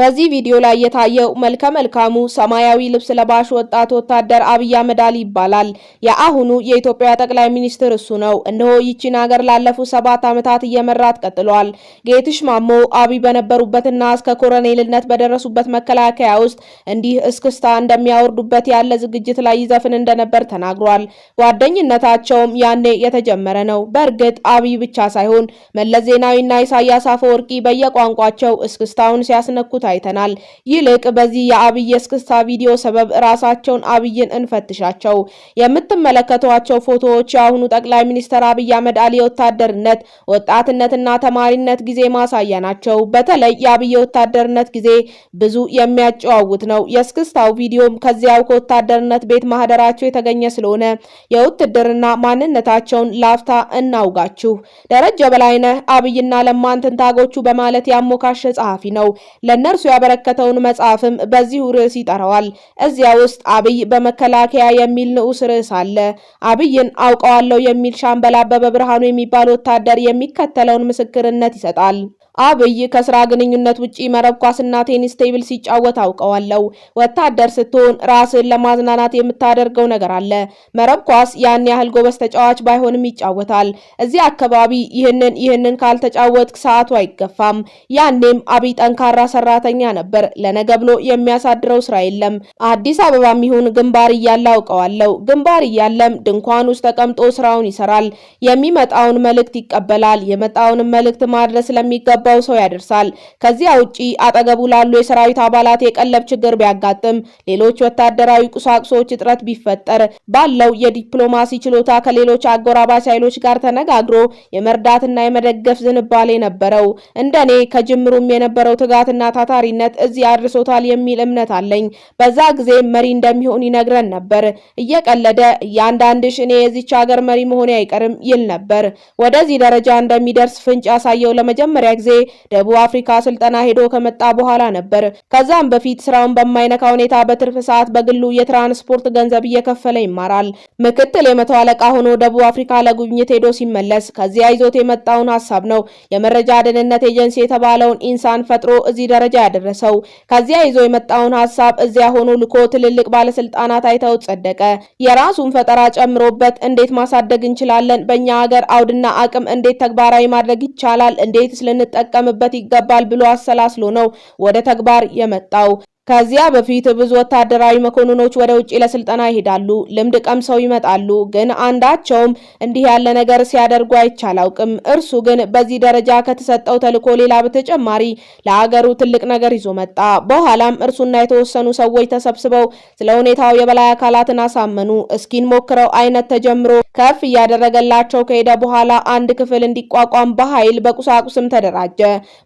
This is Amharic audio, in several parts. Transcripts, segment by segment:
በዚህ ቪዲዮ ላይ የታየው መልከ መልካሙ ሰማያዊ ልብስ ለባሽ ወጣት ወታደር አብይ አህመድ አሊ ይባላል። የአሁኑ የኢትዮጵያ ጠቅላይ ሚኒስትር እሱ ነው። እነሆ ይቺን ሀገር ላለፉት ሰባት ዓመታት እየመራት ቀጥሏል። ጌትሽ ማሞ አብይ በነበሩበትና እስከ ኮሎኔልነት በደረሱበት መከላከያ ውስጥ እንዲህ እስክስታ እንደሚያወርዱበት ያለ ዝግጅት ላይ ይዘፍን እንደነበር ተናግሯል። ጓደኝነታቸውም ያኔ የተጀመረ ነው። በእርግጥ አብይ ብቻ ሳይሆን መለስ ዜናዊና ኢሳያስ አፈወርቂ በየቋንቋቸው እስክስታውን ሲያስነኩት አይተናል። ይልቅ በዚህ የአብይ እስክስታ ቪዲዮ ሰበብ ራሳቸውን አብይን እንፈትሻቸው። የምትመለከቷቸው ፎቶዎች የአሁኑ ጠቅላይ ሚኒስትር አብይ አህመድ አሊ የወታደርነት ወጣትነትና ተማሪነት ጊዜ ማሳያ ናቸው። በተለይ የአብይ የወታደርነት ጊዜ ብዙ የሚያጨዋውት ነው። የእስክስታው ቪዲዮም ከዚያው ከወታደርነት ቤት ማህደራቸው የተገኘ ስለሆነ የውትድርና ማንነታቸውን ላፍታ እናውጋችሁ። ደረጀ በላይነህ አብይና ለማን በማለት ያሞካሸ ጸሐፊ ነው። ለእነርሱ ለራሱ ያበረከተውን መጽሐፍም በዚሁ ርዕስ ይጠራዋል። እዚያ ውስጥ አብይ በመከላከያ የሚል ንዑስ ርዕስ አለ። አብይን አውቀዋለሁ የሚል ሻምበል አበበ ብርሃኑ የሚባል ወታደር የሚከተለውን ምስክርነት ይሰጣል። አብይ ከስራ ግንኙነት ውጪ መረብ ኳስና ቴኒስ ቴብል ሲጫወት አውቀዋለሁ። ወታደር ስትሆን ራስን ለማዝናናት የምታደርገው ነገር አለ። መረብ ኳስ ያን ያህል ጎበዝ ተጫዋች ባይሆንም ይጫወታል። እዚህ አካባቢ ይህንን ይህንን ካልተጫወትክ ሰዓቱ አይገፋም። ያኔም አብይ ጠንካራ ሰራተኛ ነበር። ለነገ ብሎ የሚያሳድረው ስራ የለም። አዲስ አበባም ይሁን ግንባር እያለ አውቀዋለሁ። ግንባር እያለም ድንኳን ውስጥ ተቀምጦ ስራውን ይሰራል። የሚመጣውን መልእክት ይቀበላል። የመጣውን መልእክት ማድረስ ለሚገባ ለሚገባው ሰው ያደርሳል። ከዚያ ውጪ አጠገቡ ላሉ የሰራዊት አባላት የቀለብ ችግር ቢያጋጥም፣ ሌሎች ወታደራዊ ቁሳቁሶች እጥረት ቢፈጠር ባለው የዲፕሎማሲ ችሎታ ከሌሎች አጎራባች ኃይሎች ጋር ተነጋግሮ የመርዳትና የመደገፍ ዝንባሌ ነበረው። እንደኔ ከጅምሩም የነበረው ትጋትና ታታሪነት እዚህ አድርሶታል የሚል እምነት አለኝ። በዛ ጊዜ መሪ እንደሚሆን ይነግረን ነበር። እየቀለደ እያንዳንድሽ እኔ የዚች ሀገር መሪ መሆኔ አይቀርም ይል ነበር። ወደዚህ ደረጃ እንደሚደርስ ፍንጭ ያሳየው ለመጀመሪያ ጊዜ ጊዜ ደቡብ አፍሪካ ስልጠና ሄዶ ከመጣ በኋላ ነበር። ከዛም በፊት ስራውን በማይነካ ሁኔታ በትርፍ ሰዓት በግሉ የትራንስፖርት ገንዘብ እየከፈለ ይማራል። ምክትል የመቶ አለቃ ሆኖ ደቡብ አፍሪካ ለጉብኝት ሄዶ ሲመለስ ከዚያ ይዞት የመጣውን ሀሳብ ነው የመረጃ ደህንነት ኤጀንሲ የተባለውን ኢንሳን ፈጥሮ እዚህ ደረጃ ያደረሰው። ከዚያ ይዞ የመጣውን ሀሳብ እዚያ ሆኖ ልኮ ትልልቅ ባለስልጣናት አይተው ጸደቀ። የራሱን ፈጠራ ጨምሮበት እንዴት ማሳደግ እንችላለን፣ በእኛ ሀገር አውድና አቅም እንዴት ተግባራዊ ማድረግ ይቻላል፣ እንዴት ስልንጠ ሊጠቀምበት ይገባል ብሎ አሰላስሎ ነው ወደ ተግባር የመጣው። ከዚያ በፊት ብዙ ወታደራዊ መኮንኖች ወደ ውጭ ለስልጠና ይሄዳሉ፣ ልምድ ቀምሰው ይመጣሉ። ግን አንዳቸውም እንዲህ ያለ ነገር ሲያደርጉ አይቻላውቅም። እርሱ ግን በዚህ ደረጃ ከተሰጠው ተልዕኮ ሌላ በተጨማሪ ለአገሩ ትልቅ ነገር ይዞ መጣ። በኋላም እርሱና የተወሰኑ ሰዎች ተሰብስበው ስለ ሁኔታው የበላይ አካላትን አሳመኑ። እስኪን ሞክረው አይነት ተጀምሮ ከፍ እያደረገላቸው ከሄደ በኋላ አንድ ክፍል እንዲቋቋም በኃይል በቁሳቁስም ተደራጀ።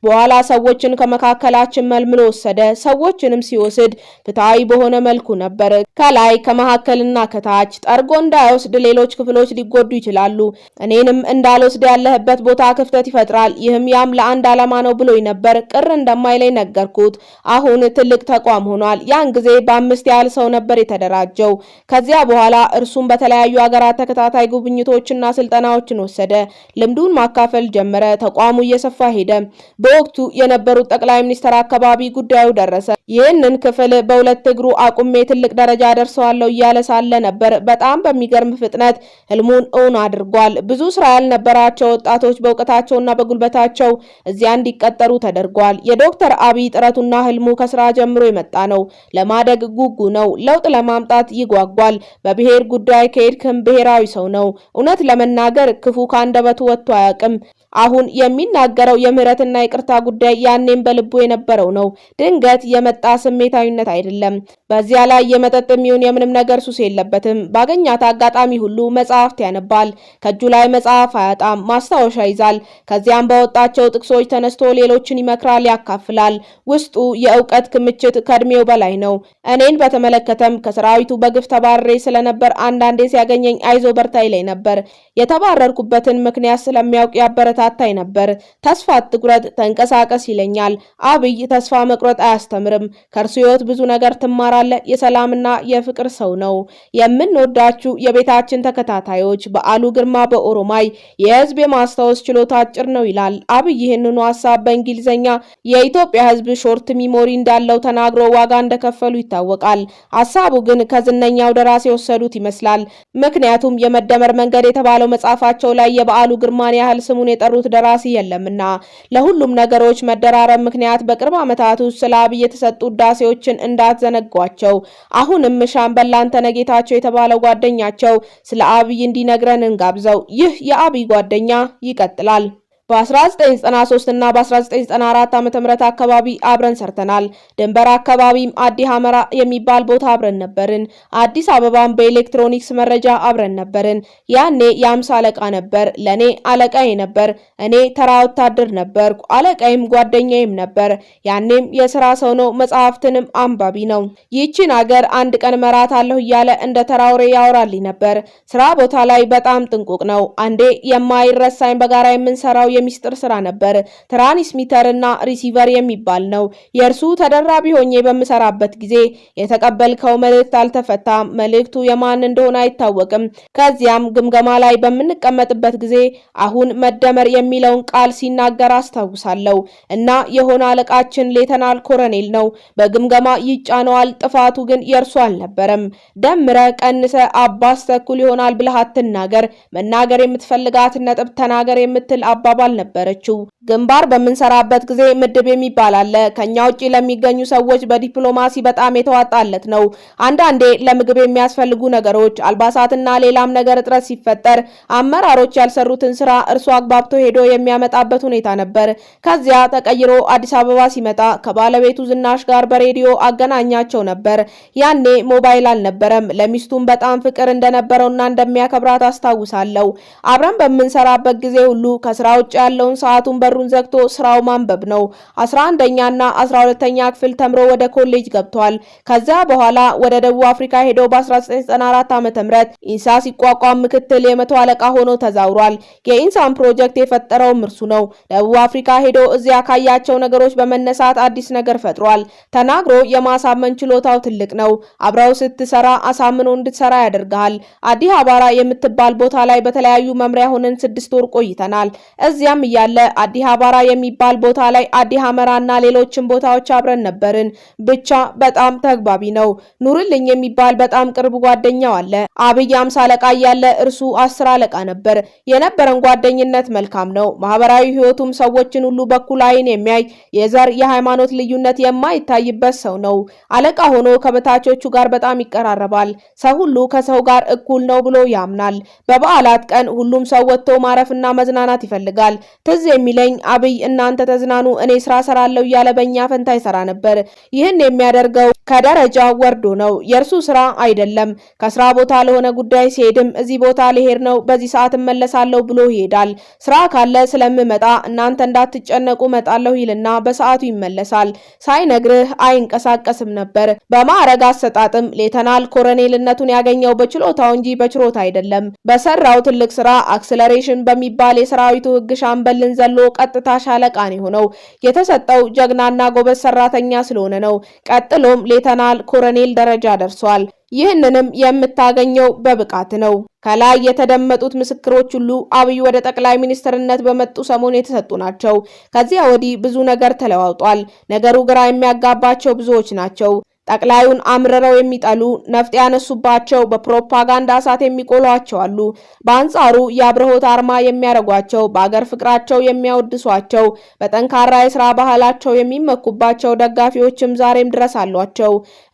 በኋላ ሰዎችን ከመካከላችን መልምሎ ወሰደ። ሰዎችንም ሲወስድ ፍትሐዊ በሆነ መልኩ ነበር። ከላይ ከመካከልና ከታች ጠርጎ እንዳይወስድ ሌሎች ክፍሎች ሊጎዱ ይችላሉ። እኔንም እንዳልወስድ ያለህበት ቦታ ክፍተት ይፈጥራል። ይህም ያም ለአንድ ዓላማ ነው ብሎኝ ነበር። ቅር እንደማይለኝ ነገርኩት። አሁን ትልቅ ተቋም ሆኗል። ያን ጊዜ በአምስት ያህል ሰው ነበር የተደራጀው። ከዚያ በኋላ እርሱም በተለያዩ ሀገራት ተከታታይ ጉብኝቶችና ስልጠናዎችን ወሰደ። ልምዱን ማካፈል ጀመረ። ተቋሙ እየሰፋ ሄደ። በወቅቱ የነበሩት ጠቅላይ ሚኒስትር አካባቢ ጉዳዩ ደረሰ። ይህ ይህንን ክፍል በሁለት እግሩ አቁሜ ትልቅ ደረጃ ደርሰዋለሁ እያለ ሳለ ነበር በጣም በሚገርም ፍጥነት ህልሙን እውን አድርጓል። ብዙ ስራ ያልነበራቸው ወጣቶች በእውቀታቸውና በጉልበታቸው እዚያ እንዲቀጠሩ ተደርጓል። የዶክተር አብይ ጥረቱና ህልሙ ከስራ ጀምሮ የመጣ ነው። ለማደግ ጉጉ ነው። ለውጥ ለማምጣት ይጓጓል። በብሔር ጉዳይ ከሄድክም ብሔራዊ ሰው ነው። እውነት ለመናገር ክፉ ከአንደበቱ ወጥቶ አያውቅም። አሁን የሚናገረው የምህረትና የቅርታ ጉዳይ ያኔም በልቡ የነበረው ነው። ድንገት የመጣ ስሜታዊነት አይደለም። በዚያ ላይ የመጠጥ የሚሆን የምንም ነገር ሱስ የለበትም። ባገኛት አጋጣሚ ሁሉ መጽሐፍት ያነባል። ከእጁ ላይ መጽሐፍ አያጣም፣ ማስታወሻ ይዛል። ከዚያም በወጣቸው ጥቅሶች ተነስቶ ሌሎችን ይመክራል፣ ያካፍላል። ውስጡ የእውቀት ክምችት ከእድሜው በላይ ነው። እኔን በተመለከተም ከሰራዊቱ በግፍ ተባረሬ ስለነበር አንዳንዴ ሲያገኘኝ አይዞ በርታይ ላይ ነበር። የተባረርኩበትን ምክንያት ስለሚያውቅ ያበረታታኝ ነበር። ተስፋ አትቁረጥ፣ ተንቀሳቀስ ይለኛል። አብይ ተስፋ መቁረጥ አያስተምርም። ከእርሱ ህይወት ብዙ ነገር ትማራለ የሰላምና የፍቅር ሰው ነው። የምንወዳችሁ የቤታችን ተከታታዮች በዓሉ ግርማ በኦሮማይ የህዝብ የማስታወስ ችሎታ አጭር ነው ይላል። አብይ ይህንኑ ሀሳብ በእንግሊዝኛ የኢትዮጵያ ህዝብ ሾርት ሚሞሪ እንዳለው ተናግሮ ዋጋ እንደከፈሉ ይታወቃል። ሀሳቡ ግን ከዝነኛው ደራሲ የወሰዱት ይመስላል። ምክንያቱም የመደመር መንገድ የተባለው መጽሐፋቸው ላይ የበዓሉ ግርማን ያህል ስሙን የጠሩት ደራሲ የለምና ለሁሉም ነገሮች መደራረብ ምክንያት በቅርብ ዓመታት ውስጥ ስለ አብይ የተሰጡ ። ህዳሴዎችን እንዳትዘነጓቸው። አሁንም ሻምበል አንተነህ ጌታቸው የተባለው ጓደኛቸው ስለ አብይ እንዲነግረን እንጋብዘው። ይህ የአብይ ጓደኛ ይቀጥላል። በ1993 እና በ1994 ዓ ም አካባቢ አብረን ሰርተናል። ደንበር አካባቢም አዲ ሐመራ የሚባል ቦታ አብረን ነበርን። አዲስ አበባም በኤሌክትሮኒክስ መረጃ አብረን ነበርን። ያኔ የአምሳ አለቃ ነበር፣ ለእኔ አለቃዬ ነበር። እኔ ተራ ወታደር ነበር አለቃዬም ጓደኛዬም ነበር። ያኔም የስራ ሰው ነው፣ መጽሐፍትንም አንባቢ ነው። ይህችን አገር አንድ ቀን መራት አለሁ እያለ እንደ ተራውሬ ያወራልኝ ነበር። ስራ ቦታ ላይ በጣም ጥንቁቅ ነው። አንዴ የማይረሳኝ በጋራ የምንሰራው የሚስጥር ስራ ነበር። ትራንስሚተር እና ሪሲቨር የሚባል ነው። የእርሱ ተደራቢ ሆኜ በምሰራበት ጊዜ የተቀበልከው መልእክት አልተፈታ መልእክቱ የማን እንደሆነ አይታወቅም። ከዚያም ግምገማ ላይ በምንቀመጥበት ጊዜ አሁን መደመር የሚለውን ቃል ሲናገር አስታውሳለሁ እና የሆነ አለቃችን ሌተናል ኮረኔል ነው። በግምገማ ይጫነዋል። ጥፋቱ ግን የእርሱ አልነበረም። ደምረ ቀንሰ አባስ ተኩል ይሆናል ብለህ አትናገር። መናገር የምትፈልጋት ነጥብ ተናገር የምትል አባባል አልነበረችው። ግንባር በምንሰራበት ጊዜ ምድብ የሚባል አለ። ከኛ ውጭ ለሚገኙ ሰዎች በዲፕሎማሲ በጣም የተዋጣለት ነው። አንዳንዴ ለምግብ የሚያስፈልጉ ነገሮች፣ አልባሳትና ሌላም ነገር እጥረት ሲፈጠር አመራሮች ያልሰሩትን ስራ እርሱ አግባብቶ ሄዶ የሚያመጣበት ሁኔታ ነበር። ከዚያ ተቀይሮ አዲስ አበባ ሲመጣ ከባለቤቱ ዝናሽ ጋር በሬዲዮ አገናኛቸው ነበር። ያኔ ሞባይል አልነበረም። ለሚስቱም በጣም ፍቅር እንደነበረውና እንደሚያከብራት አስታውሳለሁ። አብረን በምንሰራበት ጊዜ ሁሉ ከስራ ውጭ ያለውን ሰዓቱን በሩን ዘግቶ ስራው ማንበብ ነው። አስራ አንደኛና አስራ ሁለተኛ ክፍል ተምሮ ወደ ኮሌጅ ገብቷል። ከዚያ በኋላ ወደ ደቡብ አፍሪካ ሄዶ በ1994 ዓ ም ኢንሳ ሲቋቋም ምክትል የመቶ አለቃ ሆኖ ተዛውሯል። የኢንሳን ፕሮጀክት የፈጠረውም እርሱ ነው። ደቡብ አፍሪካ ሄዶ እዚያ ካያቸው ነገሮች በመነሳት አዲስ ነገር ፈጥሯል። ተናግሮ የማሳመን ችሎታው ትልቅ ነው። አብረው ስትሰራ አሳምኖ እንድትሰራ ያደርግሃል። አዲህ አባራ የምትባል ቦታ ላይ በተለያዩ መምሪያ ሆነን ስድስት ወር ቆይተናል። በዚያም እያለ አዲ አባራ የሚባል ቦታ ላይ አዲ እና ሌሎችን ቦታዎች አብረን ነበርን። ብቻ በጣም ተግባቢ ነው። ኑርልኝ የሚባል በጣም ቅርብ ጓደኛው አለ። አብይ አምሳ አለቃ እያለ እርሱ አስር አለቃ ነበር። የነበረን ጓደኝነት መልካም ነው። ማህበራዊ ህይወቱም ሰዎችን ሁሉ በኩል አይን የሚያይ የዘር የሃይማኖት ልዩነት የማይታይበት ሰው ነው። አለቃ ሆኖ ከበታቾቹ ጋር በጣም ይቀራረባል። ሰው ሁሉ ከሰው ጋር እኩል ነው ብሎ ያምናል። በበዓላት ቀን ሁሉም ሰው ወጥቶ ማረፍና መዝናናት ይፈልጋል። ይላል። ትዝ የሚለኝ አብይ እናንተ ተዝናኑ እኔ ስራ ሰራለሁ እያለ በእኛ ፈንታ ይሰራ ነበር። ይህን የሚያደርገው ከደረጃ ወርዶ ነው። የእርሱ ስራ አይደለም። ከስራ ቦታ ለሆነ ጉዳይ ሲሄድም እዚህ ቦታ ልሄድ ነው፣ በዚህ ሰዓት እመለሳለሁ ብሎ ይሄዳል። ስራ ካለ ስለምመጣ እናንተ እንዳትጨነቁ መጣለሁ ይልና በሰዓቱ ይመለሳል። ሳይነግርህ አይንቀሳቀስም ነበር። በማዕረግ አሰጣጥም ሌተናል ኮረኔልነቱን ያገኘው በችሎታው እንጂ በችሮታ አይደለም። በሰራው ትልቅ ስራ አክስለሬሽን በሚባል የሰራዊቱ ህግ ሻምበልን ዘሎ ቀጥታ ሻለቃን የሆነው የተሰጠው ጀግናና ጎበዝ ሰራተኛ ስለሆነ ነው። ቀጥሎም ሌተናል ኮረኔል ደረጃ ደርሷል። ይህንንም የምታገኘው በብቃት ነው። ከላይ የተደመጡት ምስክሮች ሁሉ አብይ ወደ ጠቅላይ ሚኒስትርነት በመጡ ሰሞን የተሰጡ ናቸው። ከዚያ ወዲህ ብዙ ነገር ተለዋውጧል። ነገሩ ግራ የሚያጋባቸው ብዙዎች ናቸው። ጠቅላዩን አምርረው የሚጠሉ ነፍጥ ያነሱባቸው በፕሮፓጋንዳ እሳት የሚቆሏቸው አሉ። በአንጻሩ የአብርሆት አርማ የሚያደርጓቸው በአገር ፍቅራቸው የሚያወድሷቸው በጠንካራ የስራ ባህላቸው የሚመኩባቸው ደጋፊዎችም ዛሬም ድረስ አሏቸው።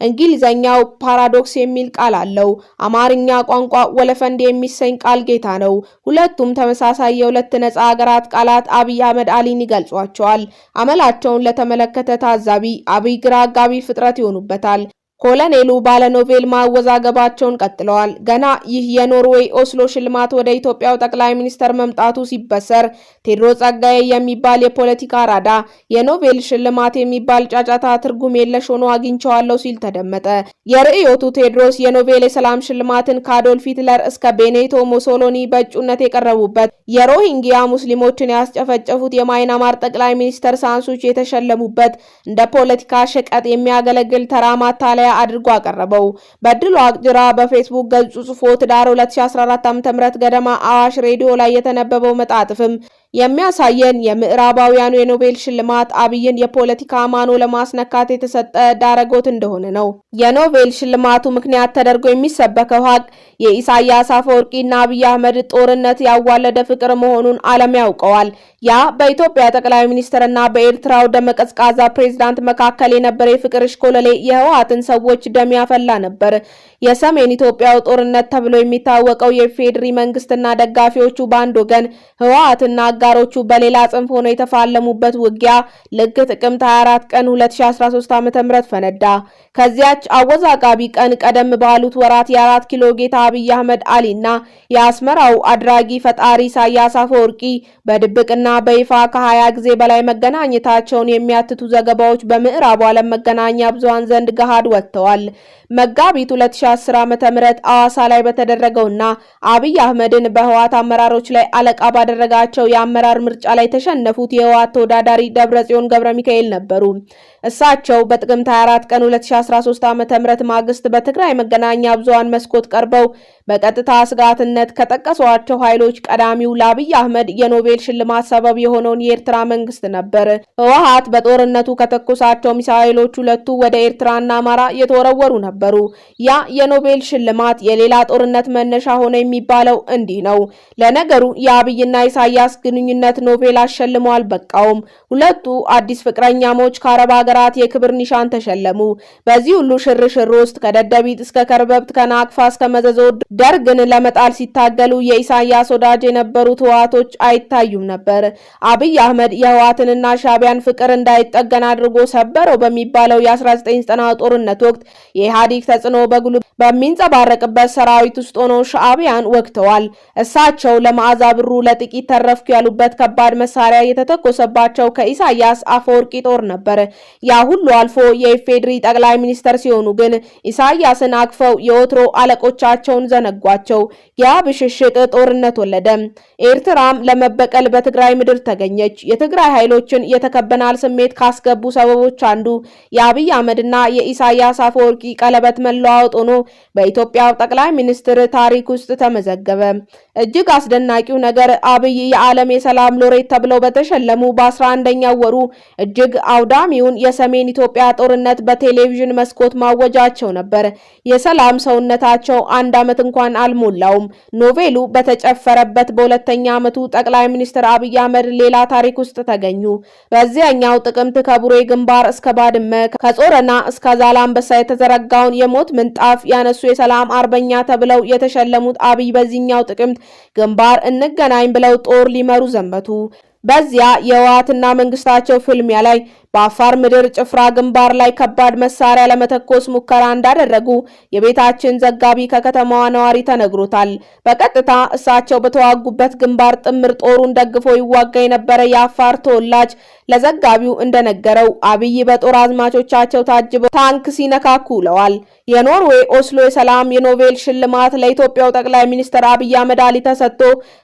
እንግሊዘኛው ፓራዶክስ የሚል ቃል አለው። አማርኛ ቋንቋ ወለፈንድ የሚሰኝ ቃል ጌታ ነው። ሁለቱም ተመሳሳይ የሁለት ነጻ ሀገራት ቃላት አብይ አህመድ አሊን ይገልጿቸዋል። አመላቸውን ለተመለከተ ታዛቢ አብይ ግራ አጋቢ ፍጥረት ይሆኑበት تل ኮሎኔሉ ኖቬል ማወዛገባቸውን ቀጥለዋል። ገና ይህ የኖርዌይ ኦስሎ ሽልማት ወደ ኢትዮጵያው ጠቅላይ ሚኒስተር መምጣቱ ሲበሰር ቴድሮስ ጸጋዬ የሚባል የፖለቲካ ራዳ የኖቤል ሽልማት የሚባል ጫጫታ ትርጉም የለሽ ሆኖ አግኝቸዋለሁ ሲል ተደመጠ። የርዕዮቱ ቴዎድሮስ የኖቤል የሰላም ሽልማትን ከአዶልፍ ሂትለር እስከ ቤኔቶ ሞሶሎኒ በእጩነት የቀረቡበት፣ የሮሂንግያ ሙስሊሞችን ያስጨፈጨፉት የማይናማር ጠቅላይ ሚኒስተር ሳንሱች የተሸለሙበት፣ እንደ ፖለቲካ ሸቀጥ የሚያገለግል ተራ ማታለያ አድርጎ አቀረበው። በድሉ አቅጅራ በፌስቡክ ገጹ ጽፎ ዳር 2014 ዓ.ም ገደማ አዋሽ ሬዲዮ ላይ የተነበበው መጣጥፍም የሚያሳየን የምዕራባውያኑ የኖቤል ሽልማት አብይን የፖለቲካ ማኖ ለማስነካት የተሰጠ ዳረጎት እንደሆነ ነው። የኖቤል ሽልማቱ ምክንያት ተደርጎ የሚሰበከው ሀቅ የኢሳያስ አፈወርቂና አብይ አህመድ ጦርነት ያዋለደ ፍቅር መሆኑን ዓለም ያውቀዋል። ያ በኢትዮጵያ ጠቅላይ ሚኒስትርና በኤርትራው ደመ ቀዝቃዛ ፕሬዝዳንት መካከል የነበረ የፍቅር እሽኮለሌ የህወሓትን ሰዎች ደም ያፈላ ነበር። የሰሜን ኢትዮጵያው ጦርነት ተብሎ የሚታወቀው የፌድሪ መንግስትና ደጋፊዎቹ በአንድ ወገን ህወሓትና አጋሮቹ በሌላ ጽንፍ ሆኖ የተፋለሙበት ውጊያ ልክ ጥቅምት 24 ቀን 2013 ዓ.ም ፈነዳ። ከዚያች አወዛጋቢ ቀን ቀደም ባሉት ወራት የአራት ኪሎ ጌታ አብይ አህመድ አሊና የአስመራው አድራጊ ፈጣሪ ኢሳያስ አፈወርቂ በድብቅና በይፋ ከ20 ጊዜ በላይ መገናኘታቸውን የሚያትቱ ዘገባዎች በምዕራቡ ዓለም መገናኛ ብዙሃን ዘንድ ገሃድ ወጥተዋል። መጋቢት 2010 ዓ.ም አዋሳ ላይ በተደረገውና አብይ አህመድን በህዋት አመራሮች ላይ አለቃ ባደረጋቸው አመራር ምርጫ ላይ የተሸነፉት የህወሓት ተወዳዳሪ ደብረጽዮን ገብረ ሚካኤል ነበሩ። እሳቸው በጥቅምት 24 ቀን 2013 ዓ ም ማግስት በትግራይ መገናኛ ብዙሃን መስኮት ቀርበው በቀጥታ ስጋትነት ከጠቀሷቸው ኃይሎች ቀዳሚው ለአብይ አህመድ የኖቤል ሽልማት ሰበብ የሆነውን የኤርትራ መንግስት ነበር። ህወሓት በጦርነቱ ከተኮሳቸው ሚሳኤሎች ሁለቱ ወደ ኤርትራና አማራ የተወረወሩ ነበሩ። ያ የኖቤል ሽልማት የሌላ ጦርነት መነሻ ሆነ የሚባለው እንዲህ ነው። ለነገሩ የአብይና ኢሳያስ ግንኙነት ኖቤል አሸልሞ አልበቃውም። ሁለቱ አዲስ ፍቅረኛሞች ከአረባ ሀገራት የክብር ኒሻን ተሸለሙ። በዚህ ሁሉ ሽርሽር ውስጥ ከደደቢት እስከ ከርበብት ከናቅፋ እስከ መዘዞ ደርግን ለመጣል ሲታገሉ የኢሳያስ ወዳጅ የነበሩት ህዋቶች አይታዩም ነበር። አብይ አህመድ የህዋትንና ሻቢያን ፍቅር እንዳይጠገን አድርጎ ሰበረው በሚባለው የ1990 ጦርነት ወቅት የኢህአዴግ ተጽዕኖ በጉል በሚንጸባረቅበት ሰራዊት ውስጥ ሆኖ ሻቢያን ወግተዋል። እሳቸው ለመዓዛ ብሩ ለጥቂት ተረፍኩ ያሉበት ከባድ መሳሪያ የተተኮሰባቸው ከኢሳያስ አፈወርቂ ጦር ነበር። ያ ሁሉ አልፎ የኢፌዴሪ ጠቅላይ ሚኒስተር ሲሆኑ ግን ኢሳያስን አክፈው የወትሮ አለቆቻቸውን ዘነጓቸው። ያ ብሽሽቅ ጦርነት ወለደ። ኤርትራም ለመበቀል በትግራይ ምድር ተገኘች። የትግራይ ኃይሎችን የተከበናል ስሜት ካስገቡ ሰበቦች አንዱ የአብይ አህመድና የኢሳያስ አፈወርቂ ቀለበት መለዋወጥ ሆኖ በኢትዮጵያ ጠቅላይ ሚኒስትር ታሪክ ውስጥ ተመዘገበ። እጅግ አስደናቂው ነገር አብይ የዓለም የሰላም ሎሬት ተብለው በተሸለሙ በ በ11ኛው ወሩ እጅግ አውዳሚውን ሰሜን ኢትዮጵያ ጦርነት በቴሌቪዥን መስኮት ማወጃቸው ነበር። የሰላም ሰውነታቸው አንድ ዓመት እንኳን አልሞላውም። ኖቬሉ በተጨፈረበት በሁለተኛ ዓመቱ ጠቅላይ ሚኒስትር አብይ አህመድ ሌላ ታሪክ ውስጥ ተገኙ። በዚያኛው ጥቅምት ከቡሬ ግንባር እስከ ባድመ ከጾረና እስከ ዛላምበሳ የተዘረጋውን የሞት ምንጣፍ ያነሱ የሰላም አርበኛ ተብለው የተሸለሙት አብይ በዚህኛው ጥቅምት ግንባር እንገናኝ ብለው ጦር ሊመሩ ዘመቱ። በዚያ የህወሓትና መንግስታቸው ፍልሚያ ላይ በአፋር ምድር ጭፍራ ግንባር ላይ ከባድ መሳሪያ ለመተኮስ ሙከራ እንዳደረጉ የቤታችን ዘጋቢ ከከተማዋ ነዋሪ ተነግሮታል። በቀጥታ እሳቸው በተዋጉበት ግንባር ጥምር ጦሩን ደግፎ ይዋጋ የነበረ የአፋር ተወላጅ ለዘጋቢው እንደነገረው አብይ በጦር አዝማቾቻቸው ታጅበው ታንክ ሲነካኩ ውለዋል። የኖርዌይ ኦስሎ የሰላም የኖቤል ሽልማት ለኢትዮጵያው ጠቅላይ ሚኒስትር አብይ አህመድ አሊ ተሰጥቶ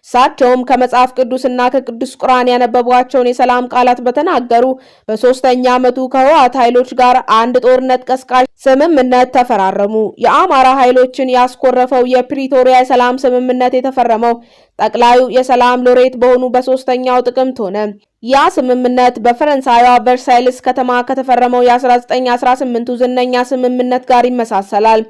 እሳቸውም ከመጽሐፍ ቅዱስና ከቅዱስ ቁርአን ያነበቧቸውን የሰላም ቃላት በተናገሩ በሶስት በሶስተኛ ዓመቱ ከህወሓት ኃይሎች ጋር አንድ ጦርነት ቀስቃሽ ስምምነት ተፈራረሙ። የአማራ ኃይሎችን ያስኮረፈው የፕሪቶሪያ የሰላም ስምምነት የተፈረመው ጠቅላዩ የሰላም ሎሬት በሆኑ በሶስተኛው ጥቅምት ሆነ። ያ ስምምነት በፈረንሳይዋ ቨርሳይልስ ከተማ ከተፈረመው የ1918 ዝነኛ ስምምነት ጋር ይመሳሰላል።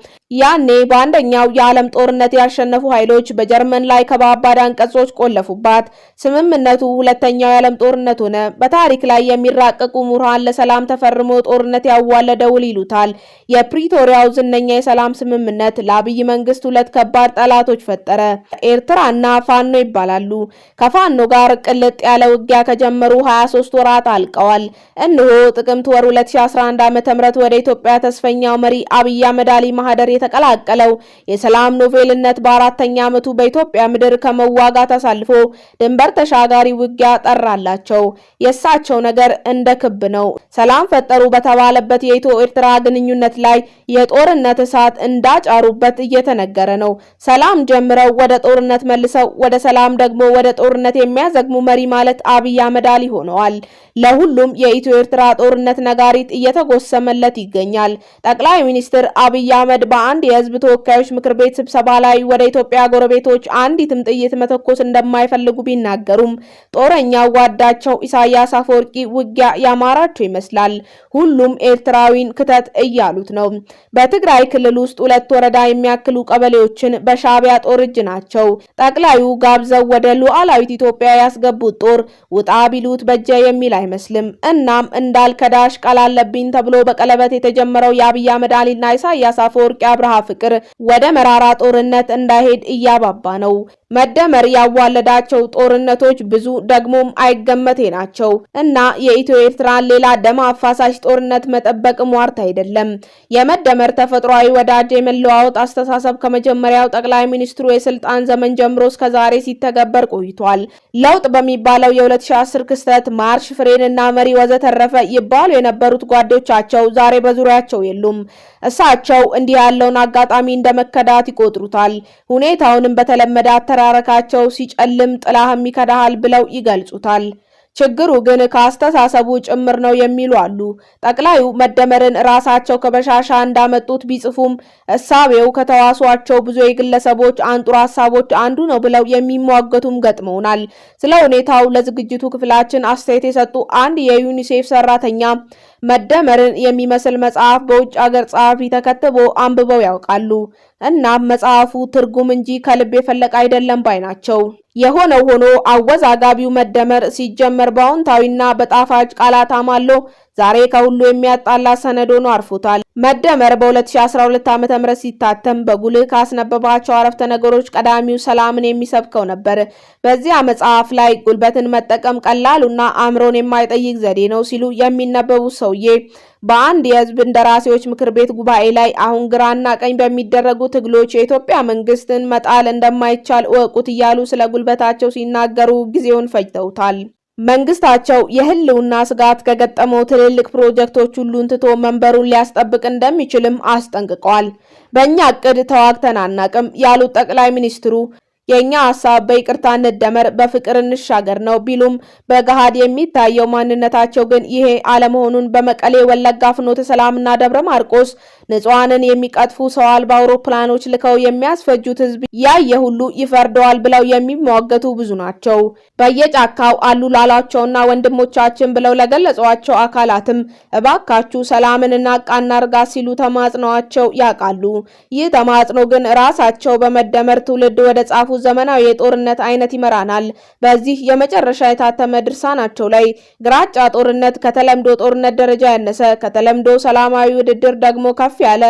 ያኔ በአንደኛው የዓለም ጦርነት ያሸነፉ ኃይሎች በጀርመን ላይ ከባባድ አንቀጾች ቆለፉባት። ስምምነቱ ሁለተኛው የዓለም ጦርነት ሆነ። በታሪክ ላይ የሚራቀቁ ምሁራን ለሰላም ተፈርሞ ጦርነት ያዋለ ደውል ይሉታል። የፕሪቶሪያው ዝነኛ የሰላም ስምምነት ለአብይ መንግስት ሁለት ከባድ ጠላቶች ፈጠረ ኤርትራና ፋኖ ይባላሉ። ከፋኖ ጋር ቅልጥ ያለ ውጊያ ከጀመሩ 23 ወራት አልቀዋል። እነሆ ጥቅምት ወር 2011 ዓ.ም ወደ ኢትዮጵያ ተስፈኛው መሪ አብይ አህመድ አሊ ማህደር የተቀላቀለው የሰላም ኖቬልነት በአራተኛ ዓመቱ በኢትዮጵያ ምድር ከመዋጋት አሳልፎ ድንበር ተሻጋሪ ውጊያ ጠራላቸው። የእሳቸው ነገር እንደ ክብ ነው። ሰላም ፈጠሩ በተባለበት የኢትዮ ኤርትራ ግንኙነት ላይ የጦርነት እሳት እንዳጫሩበት እየተነገረ ነው። ሰላም ጀምረው ወደ ጦርነት መልሰው ወደ ሰላም ደግሞ ወደ ጦርነት የሚያዘግሙ መሪ ማለት አብይ አህመድ አሊ ሆነዋል። ለሁሉም የኢትዮ ኤርትራ ጦርነት ነጋሪት እየተጎሰመለት ይገኛል። ጠቅላይ ሚኒስትር አብይ አህመድ በአንድ የህዝብ ተወካዮች ምክር ቤት ስብሰባ ላይ ወደ ኢትዮጵያ ጎረቤቶች አንዲትም ጥይት መተኮስ እንደማይፈልጉ ቢናገሩም ጦረኛው ጓዳቸው ኢሳያስ አፈወርቂ ውጊያ ያማራቸው ይመስላል። ሁሉም ኤርትራዊን ክተት እያሉት ነው። በትግራይ ክልል ውስጥ ሁለት ወረዳ የሚያክሉ ቀበሌዎችን በሻቢያ ጦር እጅ ናቸው። ጠቅላዩ ጋብዘው ወደ ሉዓላዊት ኢትዮጵያ ያስገቡት ጦር ውጣ ቢሉት በጀ የሚል አይመስልም። እናም እንዳልከዳሽ ቃል አለብኝ ተብሎ በቀለበት የተጀመረው የአብይ አህመድ አሊና ኢሳያስ አፈወርቂ አብርሃ ፍቅር ወደ መራራ ጦርነት እንዳይሄድ እያባባ ነው። መደመር ያዋለዳቸው ጦርነቶች ብዙ ደግሞም አይገመቴ ናቸው እና የኢትዮ ኤርትራን ሌላ ደም አፋሳሽ ጦርነት መጠበቅ ሟርት አይደለም። የመደመር ተፈጥሯዊ ወዳጅ የመለዋወጥ አስተሳሰብ ከመጀመሪያው ጠቅላይ ሚኒስትሩ የስልጣን ዘመን ጀምሮ እስከዛ ዛሬ ሲተገበር ቆይቷል። ለውጥ በሚባለው የ2010 ክስተት ማርሽ ፍሬንና መሪ ወዘተረፈ ይባሉ የነበሩት ጓዶቻቸው ዛሬ በዙሪያቸው የሉም። እሳቸው እንዲህ ያለውን አጋጣሚ እንደ መከዳት ይቆጥሩታል። ሁኔታውንም በተለመደ አተራረካቸው ሲጨልም ጥላህም ይከዳሃል ብለው ይገልጹታል። ችግሩ ግን ከአስተሳሰቡ ጭምር ነው የሚሉ አሉ። ጠቅላዩ መደመርን ራሳቸው ከበሻሻ እንዳመጡት ቢጽፉም እሳቤው ከተዋሷቸው ብዙ የግለሰቦች አንጡር ሀሳቦች አንዱ ነው ብለው የሚሟገቱም ገጥመውናል። ስለ ሁኔታው ለዝግጅቱ ክፍላችን አስተያየት የሰጡ አንድ የዩኒሴፍ ሰራተኛ መደመርን የሚመስል መጽሐፍ በውጭ ሀገር ጸሐፊ ተከትቦ አንብበው ያውቃሉ። እናም መጽሐፉ ትርጉም እንጂ ከልብ የፈለቀ አይደለም ባይ ናቸው። የሆነው ሆኖ አወዛጋቢው መደመር ሲጀመር በአዎንታዊና በጣፋጭ ቃላት አማሎ ዛሬ ከሁሉ የሚያጣላ ሰነድ ሆኖ አርፎታል። መደመር በ2012 ዓ.ም ሲታተም በጉልህ ካስነበባቸው አረፍተ ነገሮች ቀዳሚው ሰላምን የሚሰብከው ነበር። በዚያ መጽሐፍ ላይ ጉልበትን መጠቀም ቀላሉና አእምሮን የማይጠይቅ ዘዴ ነው ሲሉ የሚነበቡ ሰው ሰውዬ በአንድ የህዝብ እንደራሴዎች ምክር ቤት ጉባኤ ላይ አሁን ግራና ቀኝ በሚደረጉ ትግሎች የኢትዮጵያ መንግስትን መጣል እንደማይቻል እወቁት እያሉ ስለ ጉልበታቸው ሲናገሩ ጊዜውን ፈጅተውታል። መንግስታቸው የህልውና ስጋት ከገጠመው ትልልቅ ፕሮጀክቶች ሁሉን ትቶ መንበሩን ሊያስጠብቅ እንደሚችልም አስጠንቅቀዋል። በእኛ እቅድ ተዋግተን አናቅም ያሉት ጠቅላይ ሚኒስትሩ የእኛ ሀሳብ በይቅርታ እንደመር፣ በፍቅር እንሻገር ነው ቢሉም በገሃድ የሚታየው ማንነታቸው ግን ይሄ አለመሆኑን በመቀሌ ወለጋ ፍኖተ ሰላምና ደብረ ማርቆስ ንጹሐንን የሚቀጥፉ ሰው አልባ አውሮፕላኖች ልከው የሚያስፈጁት ህዝብ ያየ ሁሉ ይፈርደዋል ብለው የሚሟገቱ ብዙ ናቸው። በየጫካው አሉ ላሏቸውና ወንድሞቻችን ብለው ለገለጿቸው አካላትም እባካችሁ ሰላምንና ቃና ርጋ ሲሉ ተማጽነዋቸው ያውቃሉ። ይህ ተማጽኖ ግን ራሳቸው በመደመር ትውልድ ወደ ጻፉ ዘመናዊ የጦርነት አይነት ይመራናል። በዚህ የመጨረሻ የታተመ ድርሳናቸው ላይ ግራጫ ጦርነት ከተለምዶ ጦርነት ደረጃ ያነሰ ከተለምዶ ሰላማዊ ውድድር ደግሞ ከፍ ከፍ ያለ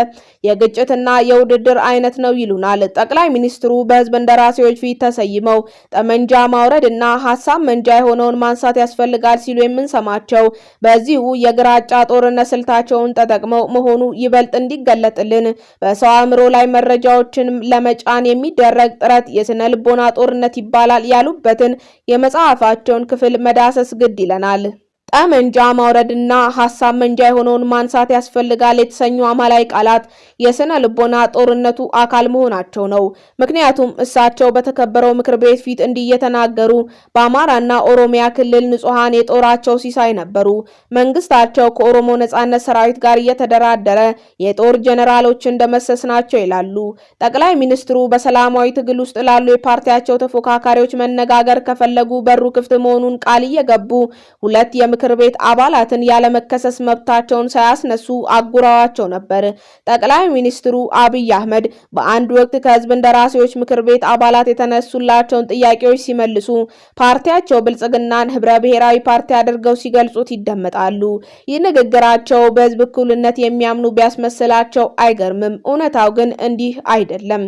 የግጭትና የውድድር አይነት ነው ይሉናል ጠቅላይ ሚኒስትሩ። በህዝብ እንደራሴዎች ፊት ተሰይመው ጠመንጃ ማውረድ እና ሀሳብ መንጃ የሆነውን ማንሳት ያስፈልጋል ሲሉ የምንሰማቸው በዚሁ የግራጫ ጦርነት ስልታቸውን ተጠቅመው መሆኑ ይበልጥ እንዲገለጥልን በሰው አእምሮ ላይ መረጃዎችን ለመጫን የሚደረግ ጥረት የስነ ልቦና ጦርነት ይባላል ያሉበትን የመጽሐፋቸውን ክፍል መዳሰስ ግድ ይለናል። ጠመንጃ ማውረድና ሀሳብ መንጃ የሆነውን ማንሳት ያስፈልጋል የተሰኙ አማላይ ቃላት የስነ ልቦና ጦርነቱ አካል መሆናቸው ነው። ምክንያቱም እሳቸው በተከበረው ምክር ቤት ፊት እንዲህ የተናገሩ በአማራና ኦሮሚያ ክልል ንጹሐን የጦራቸው ሲሳይ ነበሩ። መንግስታቸው ከኦሮሞ ነጻነት ሰራዊት ጋር እየተደራደረ የጦር ጀኔራሎች እንደመሰስ ናቸው ይላሉ። ጠቅላይ ሚኒስትሩ በሰላማዊ ትግል ውስጥ ላሉ የፓርቲያቸው ተፎካካሪዎች መነጋገር ከፈለጉ በሩ ክፍት መሆኑን ቃል እየገቡ ሁለት ምክር ቤት አባላትን ያለመከሰስ መብታቸውን ሳያስነሱ አጉራዋቸው ነበር። ጠቅላይ ሚኒስትሩ አብይ አህመድ በአንድ ወቅት ከህዝብ እንደራሴዎች ምክር ቤት አባላት የተነሱላቸውን ጥያቄዎች ሲመልሱ ፓርቲያቸው ብልጽግናን ህብረ ብሔራዊ ፓርቲ አድርገው ሲገልጹት ይደመጣሉ። ይህ ንግግራቸው በህዝብ እኩልነት የሚያምኑ ቢያስመስላቸው አይገርምም። እውነታው ግን እንዲህ አይደለም።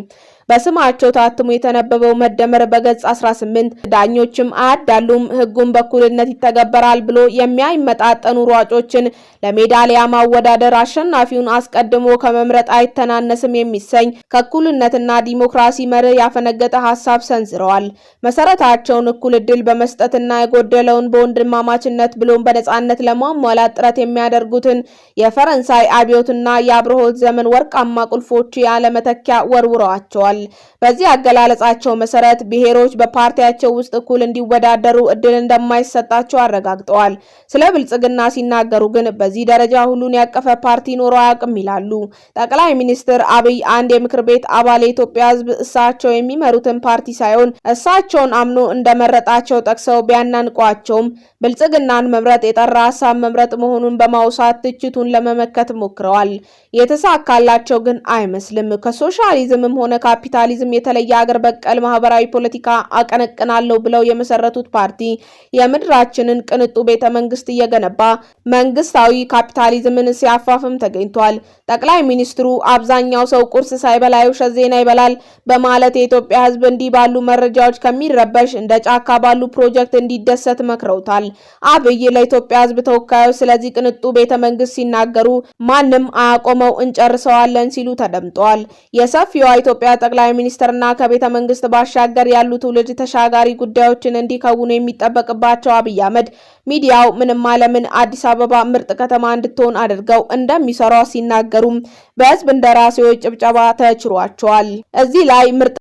በስማቸው ታትሞ የተነበበው መደመር በገጽ 18 ዳኞችም አያዳሉም፣ ህጉን በኩልነት ይተገበራል ብሎ የሚያይመጣጠኑ ሯጮችን ለሜዳሊያ ማወዳደር አሸናፊውን አስቀድሞ ከመምረጥ አይተናነስም የሚሰኝ ከእኩልነትና ዲሞክራሲ መርህ ያፈነገጠ ሀሳብ ሰንዝረዋል። መሰረታቸውን እኩል እድል በመስጠትና የጎደለውን በወንድማማችነት ብሎም በነጻነት ለማሟላት ጥረት የሚያደርጉትን የፈረንሳይ አብዮትና የአብርሆት ዘመን ወርቃማ ቁልፎች ያለመተኪያ ወርውረዋቸዋል። ተናግረዋል። በዚህ አገላለጻቸው መሰረት ብሔሮች በፓርቲያቸው ውስጥ እኩል እንዲወዳደሩ እድል እንደማይሰጣቸው አረጋግጠዋል። ስለ ብልጽግና ሲናገሩ ግን በዚህ ደረጃ ሁሉን ያቀፈ ፓርቲ ኖሮ አያውቅም ይላሉ። ጠቅላይ ሚኒስትር አብይ አንድ የምክር ቤት አባል የኢትዮጵያ ሕዝብ እሳቸው የሚመሩትን ፓርቲ ሳይሆን እሳቸውን አምኖ እንደመረጣቸው ጠቅሰው ቢያናንቋቸውም ብልጽግናን መምረጥ የጠራ ሀሳብ መምረጥ መሆኑን በማውሳት ትችቱን ለመመከት ሞክረዋል። የተሳካላቸው ግን አይመስልም። ከሶሻሊዝምም ሆነ ካፒ ካፒታሊዝም የተለየ አገር በቀል ማህበራዊ ፖለቲካ አቀነቅናለሁ ብለው የመሰረቱት ፓርቲ የምድራችንን ቅንጡ ቤተ መንግስት እየገነባ መንግስታዊ ካፒታሊዝምን ሲያፋፍም ተገኝቷል። ጠቅላይ ሚኒስትሩ አብዛኛው ሰው ቁርስ ሳይበላ የውሸት ዜና ይበላል በማለት የኢትዮጵያ ሕዝብ እንዲህ ባሉ መረጃዎች ከሚረበሽ እንደ ጫካ ባሉ ፕሮጀክት እንዲደሰት መክረውታል። አብይ ለኢትዮጵያ ህዝብ ተወካዮች ስለዚህ ቅንጡ ቤተ መንግስት ሲናገሩ ማንም አያቆመው እንጨርሰዋለን ሲሉ ተደምጠዋል። የሰፊዋ ኢትዮጵያ ጠቅላይ ጠቅላይ ሚኒስትርና ከቤተ መንግስት ባሻገር ያሉ ትውልድ ተሻጋሪ ጉዳዮችን እንዲከውኑ የሚጠበቅባቸው አብይ አህመድ ሚዲያው ምንም አለምን አዲስ አበባ ምርጥ ከተማ እንድትሆን አድርገው እንደሚሰሯ ሲናገሩም በህዝብ እንደራሴዎች ጭብጨባ ተችሯቸዋል። እዚህ ላይ ምርጥ